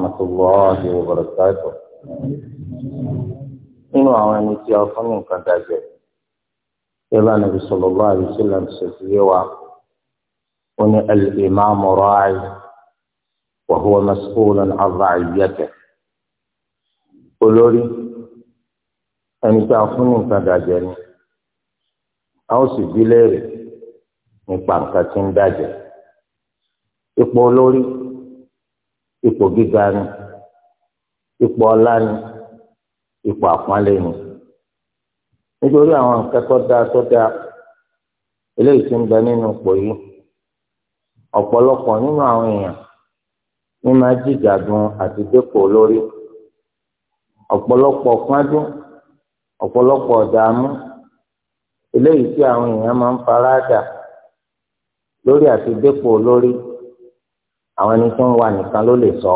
ورحمة الله وبركاته nínú àwọn ẹni tí a fún ní nǹkan dàgbẹ yọlá nàbí sọlọlá àbísílẹ ṣèṣiyé wa ó ní alìmáàmù ráàyè wàhùwà masúlù àbá àyẹkẹ olórí ẹni tí a fún nǹkan dàgbẹ ni a ó sì bí léèrè nípa nǹkan tí ń dàgbẹ ipò olórí ipò gíga ni ipò ọlá ni ipò àpọ́nlé ni nítorí àwọn akẹ́kọ̀ọ́ dáa tó dáa eléyìí ti ń bẹ nínú ipò yìí ọ̀pọ̀lọpọ̀ nínú àwọn èèyàn ní máa jìjàdùn àti dépò lórí ọ̀pọ̀lọpọ̀ pọ́njú ọ̀pọ̀lọpọ̀ ọ̀dààmú eléyìí tí àwọn èèyàn máa ń fara dà lórí àti dépò lórí àwọn ẹni tó ń wà nìkan ló lè sọ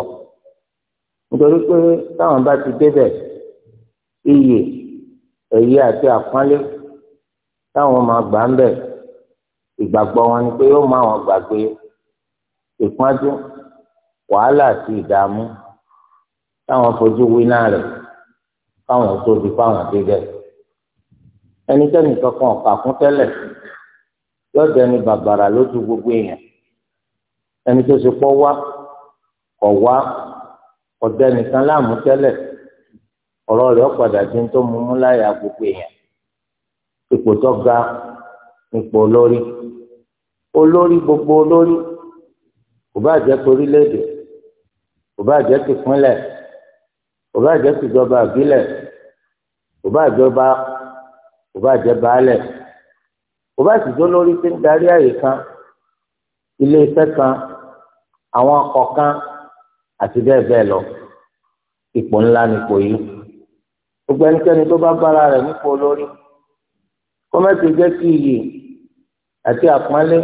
nítorí pé táwọn bá ti débẹ̀ iyì èyí àti àpọ́nlé táwọn máa gbà ń bẹ̀ ìgbàgbọ́ wọn ni pé yóò máa wọn gbàgbé ìpọ́njú wàhálà àti ìdààmú táwọn fojú winá rẹ̀ káwọn tóbi káwọn débẹ̀ ẹnikẹ́ni kankan ọ̀kà kún tẹ́lẹ̀ yóò dẹni bàbàrà lójú gbogbo èèyàn ẹni tó ṣe pọ́ wá kọ̀ wá ọ̀dẹ nìkan láàmú tẹ́lẹ̀ ọ̀rọ̀ rẹ̀ ọ̀padà tí ń tó mú mú láyà gbogbo èèyàn ipò tó ga ipò olórí olórí gbogbo olórí kò bá jẹ́ torílẹ̀-èdè kò bá jẹ́ tìpínlẹ̀ kò bá jẹ́ tìjọba àbílẹ̀ kò bá jọba kò bá jẹ́ baálẹ̀ kò bá tìjọ́ lórí tí ń darí àyè kan ilé iṣẹ́ kan àwọn akọ̀kan àti bẹ́ẹ̀ bẹ́ẹ̀ lọ ipò ńlá nípò yìí gbogbo ẹnikẹ́ni tó bá bára rẹ̀ nípò olórí kọ́mẹ́tì jẹ́ kí iyì àti àpọ́nlé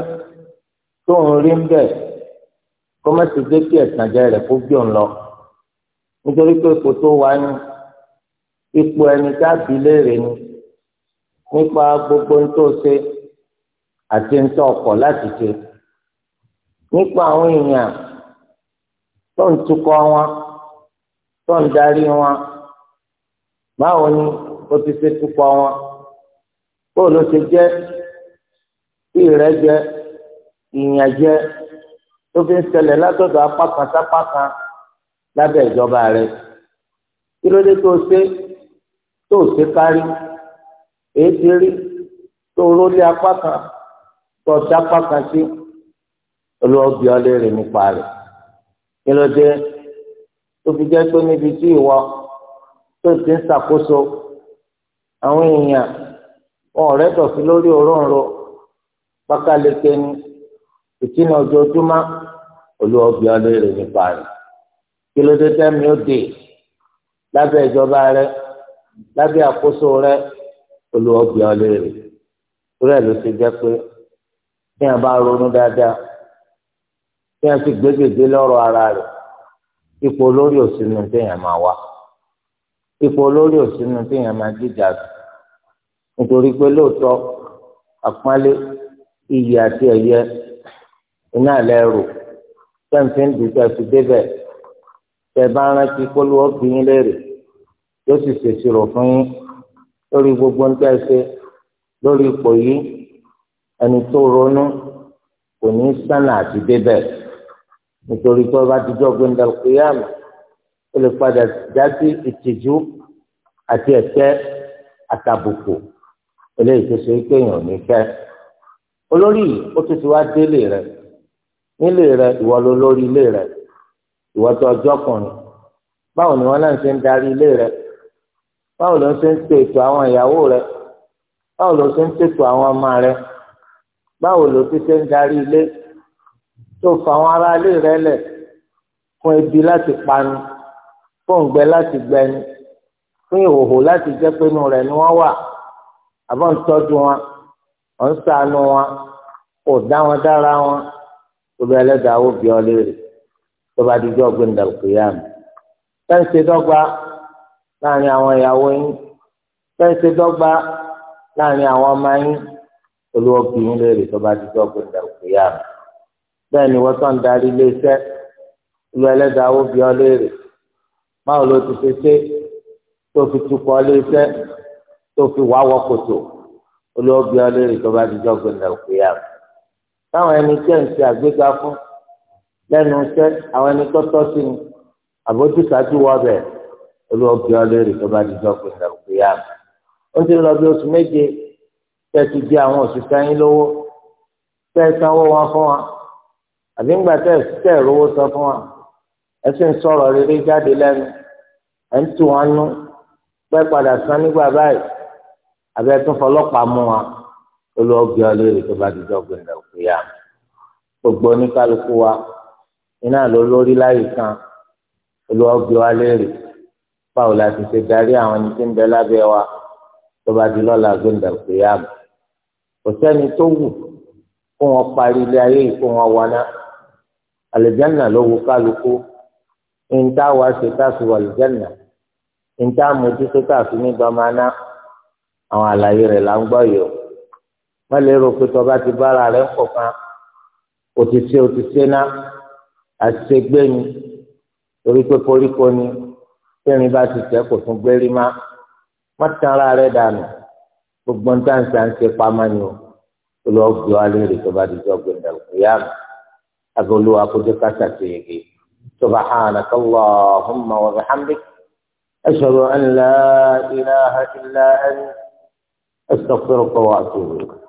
tó ń rí ń bẹ̀ kọ́mẹ́tì jẹ́ kí ẹ̀tànjẹ rẹ̀ kó gbé òun lọ nítorí pé ipò tó wà ní ipò ẹni tá léèrè ni nípa gbogbo ń tó ṣe àti ń tó ọkọ̀ láti ṣe nípa àwọn èèyàn tó ń tukọ̀ wọn tó ń darí wọn báwo ni o ti ṣe tukọ̀ wọn bó ló ṣe jẹ́ tí ìrẹ́ jẹ ìyàn jẹ tó fi ń ṣẹlẹ̀ látọ̀dọ̀ apá kan sápá kan lábẹ́ ìjọba rẹ̀ kí ló dé tó ṣe tó ṣe kárí èyí ti rí tó rólé apá kan tó ṣe apá kan sí. Si olùwàbí ọlẹ́rì nípa rẹ̀ kí ló dé tó fi jẹ́ pé níbi tí ìwọ tó ti ń ṣàkóso àwọn èèyàn wọn ọ̀rẹ́ dọ̀fí lórí òróǹro pákáleke ni ìtìnà ojoojúmọ́ olùwàbí ọlẹ́rì nípa rẹ̀ kí ló dé tẹ́mi ó dé lábẹ́ ìjọba rẹ̀ lábẹ́ àkóso rẹ̀ olùwàbí ọlẹ́rì rẹ̀ ló ti jẹ́ pé bí wọn ronú dáadáa tí wọ́n sì gbégbègbè lọ́rọ̀ ara rẹ̀ ipò olórí òsínú téèyàn máa wá ipò olórí òsínú téèyàn máa jíjà nítorí pé lóòótọ́ àpọ́nlé iyì àti ẹ̀yẹ iná lẹ́rù tẹ́ǹtì ń dùn tẹ́ǹtì débẹ̀ tẹ́ bá rántí kólúwọ́ bí yín léèrè yóò sì ṣèṣirò fún yín lórí gbogbo ń tẹ́sí lórí ipò yìí ẹni tó ronú kò ní sánà àti débẹ̀ nítorí pé ọba àtijọ́ gbẹ̀ndàlù kìyàmù ó lè padà já sí ìtìjú àti ẹ̀tẹ́ àtàbùkù eléyìí tó ṣe pé èèyàn ò ní fẹ́ olórí yìí ó tún ti wá délé rẹ nílé rẹ ìwọ ló lórí ilé rẹ ìwọ tó ọjọ́ kùnrin báwo ni wọn náà ṣe ń darí ilé rẹ báwo ló ń ṣe ń ṣètò àwọn ìyàwó rẹ báwo ló ṣe ń ṣètò àwọn ọmọ rẹ báwo ló ti ṣe ń darí ilé tó fa àwọn ará ilé rẹ lẹ̀ fún ebi láti pani fún òǹgbẹ láti gbẹni fún ìhòhò láti jẹ́ pé inú rẹ̀ ni wọ́n wà àbọ̀ ń tọ́jú wọn ọ̀ ń ṣàánú wọn kò dá wọn dára wọn tóbi ẹlẹ́dàá ó bí ọ léèrè tó bá dijọ́ gbẹ̀ndàlùkìyàm fẹ́ǹsì dọ́gba láàrin àwọn ìyàwó yín fẹ́ǹsì dọ́gba láàrin àwọn ọmọ yín olúwọ́ bí yín léèrè tó bá dijọ́ gbẹ̀ndàlùkìyàm bẹ́ẹ̀ ni wọ́n tán darí iléeṣẹ́ ìlú ẹlẹ́dàá ó bí ọ léèrè báwo ló ti ṣe ṣe tó fi tukọ̀ iléeṣẹ́ tó fi wá wọ kòtò olówó bí ọ léèrè tó bá dijọ́ gbẹ̀ndà òkè yá rẹ̀ táwọn ẹni tẹ́ ń ṣe àgbéga fún lẹ́nu iṣẹ́ àwọn ẹni tó tọ́ sí ni àbójútàjú wọ bẹ̀ olówó bí ọ léèrè tó bá dijọ́ gbẹ̀ndà òkè yá ó ti lọ bí oṣù méje tẹ́ ti di àwọn òṣìṣẹ́ yín lówó tẹ́ sanwó wọn fún wọn àbí ńgbà tẹ tẹ rówó sọ fún wa ẹ sì ń sọ̀rọ̀ rere jáde lẹ́nu ẹ ń tù wọn nú pẹ padà san nígbà báyìí àbẹ tún fọlọ́pàá mú wa olùọgbẹ ọlẹ́rìí tó bá ti dọ́gbẹ́ ẹ̀ òkúya gbogbo oníkálukú wa iná ló lórí láyé kan olùọgbẹ wa lérè báwo la ti ṣe darí àwọn ẹni tí ń bẹ lábẹ́ wa tó bá di lọ́la gbẹ̀ǹdà òkúya kò sẹ́ni tó wù kó wọn parí ilé ayé kó wọn wọná àlùjánnà ló wù kálukú ìńtà wá ṣe káàsì wà àlùjánnà ìńtà mójútó káàsì ní bàmánà àwọn àlàyé rẹ̀ là ń gbọ́ yìí o wọ́n lè rò pé tọba ti bára rẹ̀ ń pọ̀ kan òtítí òtítí ná àṣegbé ni torí pé koríko ni tẹ́rin bá ti tẹ́ kò tún gbérí má má tan ara rẹ̀ dànù gbogbo ń ń ṣe pamọ́ ni o olùwọ́ gbé wa lérè ti jọ gbẹ̀dẹ̀ òkú اقول له اكو دقه تسيقي سبحانك اللهم وبحمدك اشهد ان لا اله الا انت استغفرك واتوب اليك